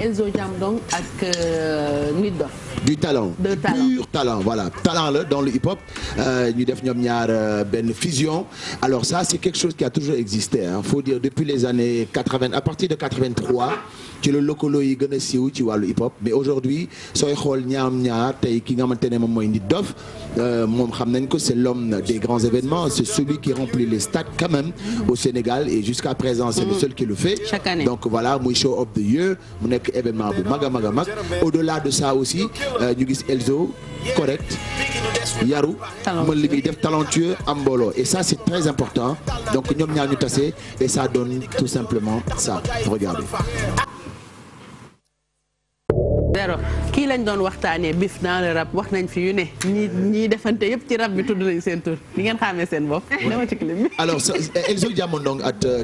Elzo Jamdong ak euh, Nit Doff du talent du la dans le euh, ñu def ñoom ñaar euh, benn fusion alors ça c'est quelque chose qui a toujours depuis les années 80 à partir de 83 ci la lëkkaloo yi gën a siiw ci wàllu hip hop mais aujourd'hui sooy xool ñaam ñaar tey ki nga xamante ne moom mooy Nit Doff moom xam nañ ko c'est l'homme des grands événements les stades quand même au Sénégal et jusqu'à présent c'est le mm. seul qui le nekk événement bu mag a mag a mag au delà de ça aussi euh, ñu gis Elzo correct yaru mën li muy def talentueux am mbooloo et ça c'est très important donc ñoom ñaar ñu tase et ça donne tout simplement ça regardez zéro kii lañ doon waxtaanee bif naa le rap wax nañ fi yu ne ñi ñii defante yëpp ci rab bi tudd nañ seen tur di ngeen xaamee seen bopp. dama ci clip bi. alors euh,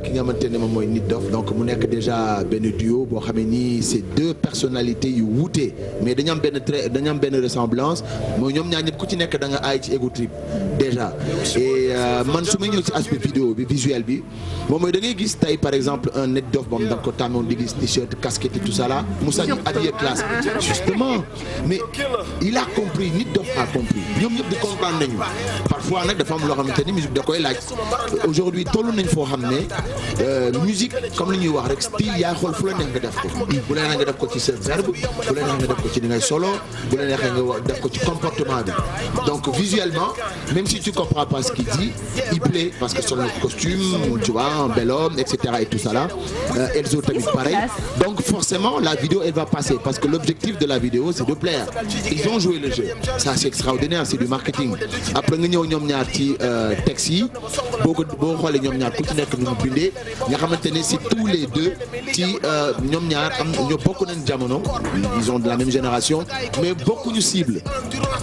ki nga xamante ne moom mooy Nit Doff donc mu nekk déjà benn dio boo xamee ni c'est deux personnalités yu wuute mais dañu am benn trait dañu am benn ressemblance mooy ñoom ñaar ñëpp ku ci nekk danga aay ci ego trip déjà et euh, man su ma ñëw ci aspect vidéo bi visuel bi moom mooy da ngay gis tey par exemple un Nit Doff boobu da ko tàmmoon di gis t-shirt casquette et tout ça là mu sañ exactement mais il a compris nit dof a compris ñoom ñëpp di comprendre nañu parfois nag dafa am loo xamante ni musique da koy laaj aujourd'hui toll nañ foo xam ne euh, musique comme li ñuy wax rek style yaa xool fu la neex nga def ko bu la neex nga def ko ci sa verbe bu la neex nga def ko ci ni ngay solo bu la neex nga def ko ci comportement bi donc visuellement même si tu comprends pas ce qu'il dit il plaît parce que son costume tu vois un bel homme et cetera et tout ça là euh, Elzo tamit pareil donc forcément la vidéo elle va passer parce que l'objectif de la vidéo vidéo c'est de plaire ils ont joué le jeu c'est extraordinaire c'est du marketing après nga ñëw ñoom ñaar ci euh, texte boo ko boo xoolee ñoom ñaar ku ci nekk nu bindee nga xamante ne si tous les deux ci euh, ñoom ñaar am ñoo bokk nañ jamono ils ont de la même génération mais bokkuñu cible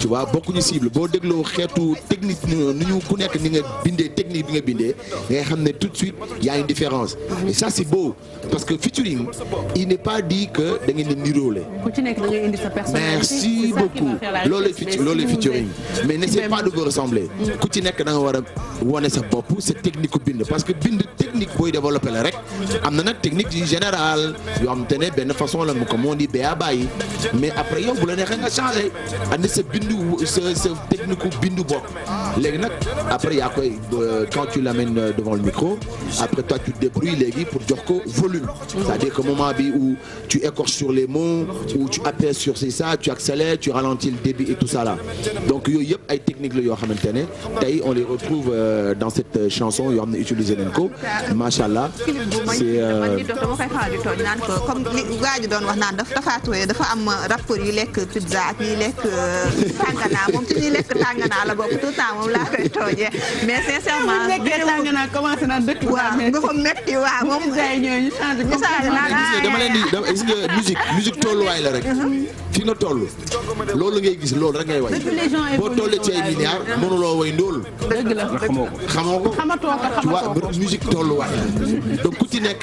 tu vois ñu cible boo dégloo xeetu technique euh, nu ñu ku nekk ni nga bindee technique bi nga bindee nga xam ne tout de suite y a une et ça c'est beau parce que featuring il n'est indi sa personnalité merci beaucoup loolu loolu featuring mais n'essaie pas de vous ressembler ci nekk da nga war a sa bopp sa technique bind parce que bind technique booy développé la rek am na nag technique yu général yoo am te ne façon la mu ko moo di ba bàyyi mais après yow bu la neexee a changé andi sa bindu bopp léegi après yaa koy euh, quand tu l'amènes euh, devant le micro après toi tu te débrouilles pour jox volume c'est-à-dire que moment bi où tu écorches sur les mots où sur si ça tu accélères tu ralentis le débit et tout ça donc yooyu yëpp ay technique la yoo xamante ne tey on les retrouve euh, dans cette euh, chanson yoo xam ne utiliser nañ ko ma allah. c'est euh, man di dox dama koy faral di tooñ naan ko comme li waa ji doon wax yu lekk pizza ak yi lekk tànganaa moom ci ñuy lekk tànganaa la moom laa koy tooñee mais sincèrement. bu musique musique tolluwaay rek. Mhm. fi nga toll loolu ngay gis loolu rek ngay way boo tollee ci ay milliards mënuloo way ndóol. dëgg la xamoo ko xamoo ko. xamatoo donc ku ci nekk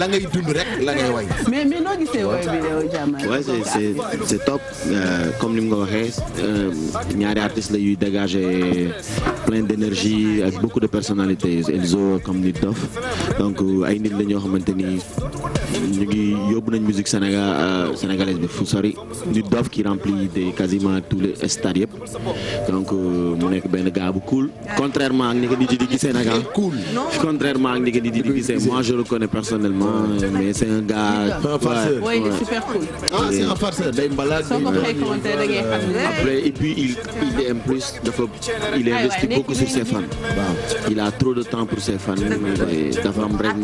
la ngay dund rek la ngay way. mais mais noo gisee way bi yow Diamane. waaw top euh, comme ni mu nga waxee euh, ñaari artistes la yuy dégager plein d' énergie ak beaucoup de personnalités Elzo comme ni Dof donc euh, ay nit la ñoo xamante ni. ñu ngi yóbbu nañ musique Sénégal euh, sénégalaise bi fu sori ñu dof ki remplit de quasiment tous les stades yëpp donc euh, mu nekk benn gars bu cool contrairement ak ni ko nit yi di gisee nag ah. cool contrairement ak ni ko nit yi di gisee moi je le connais personnellement mais c'est un gars. ouais il ah, euh, et puis il est en plus dafa il investit beaucoup sur ses fans. il a trop de temps pour ses fans. dafa am rek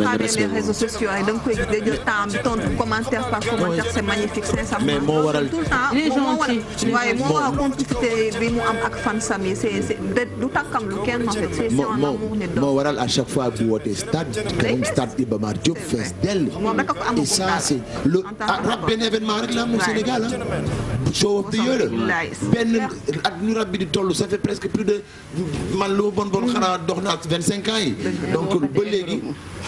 le temps mu tontu commentaire par commentaire c'est magnifique sincèrement. mais moo waral tout le temps moo waral waaye moo waral bi mu am ak fan sam yi c'est du tàkkam lu kenn en fait. c'est c'est un amour ne doon moo waral à chaque fois bu dell. moom rek a ko amagum daal et ça c'est show of the year benn ak ñu rab bi di toll sa fait presque plus de man lu bon bon xanaa dox naa vingt cinq ans yi donc ba léegi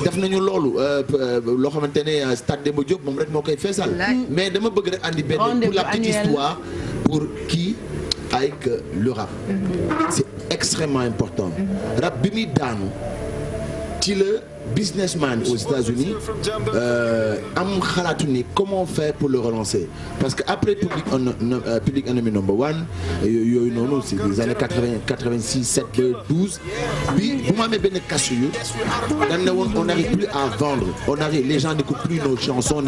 def ñu loolu euh, euh, loo xamante ne euh, stade Demba Diop moom rek moo koy feesal mais dama bëgg rek andi benn pour la histoire pour kii avec le rap mm-hmm. c'est extrêmement important mm-hmm. rap bi muy daanu ci la businessman aux États-Unis euh, ni comment faire que après public en euh, public enemy yooyu noonu c'est des années quatre vingt quatre vingt six sept ne woon on n'arrive plus à vendre on arrive les gens n'écoutent plus nos mm-hmm.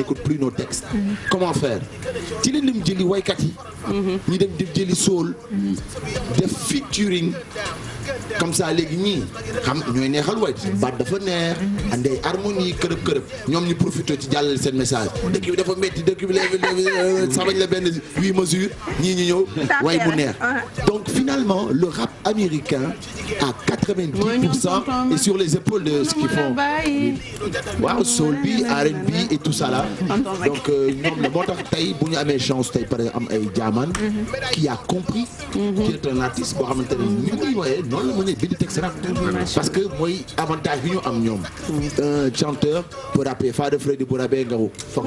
la lim jëli waykat yi. Mm-hmm. ñu dem comme ça léegi ñii xam ñooy neexal way baat dafa neex anday harmonie kërëb kërëb ñoom ñi profité ci jàllale seen message dëkk bi dafa metti dëkk bi la euh, sabañ la benn huit mesures ñii ñu ñëw way mu neex donc finalement le rap américain à 90% et sur les épaules de ce qu'ils waaw soul bi R&B et tout ça là euh, tax tey bu ñu amee chance tey par am ay jaaman mm-hmm. a compris mm-hmm. boo xamante ni muy mm-hmm. que mooy avantage bi am ñoom un chanteur peut rapper Fada bu rabee ngawu foog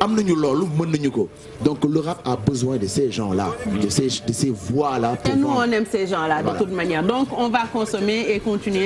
am nañu loolu mën nañu ko donc le rap a de ces gens toute donc on va consommer et continuer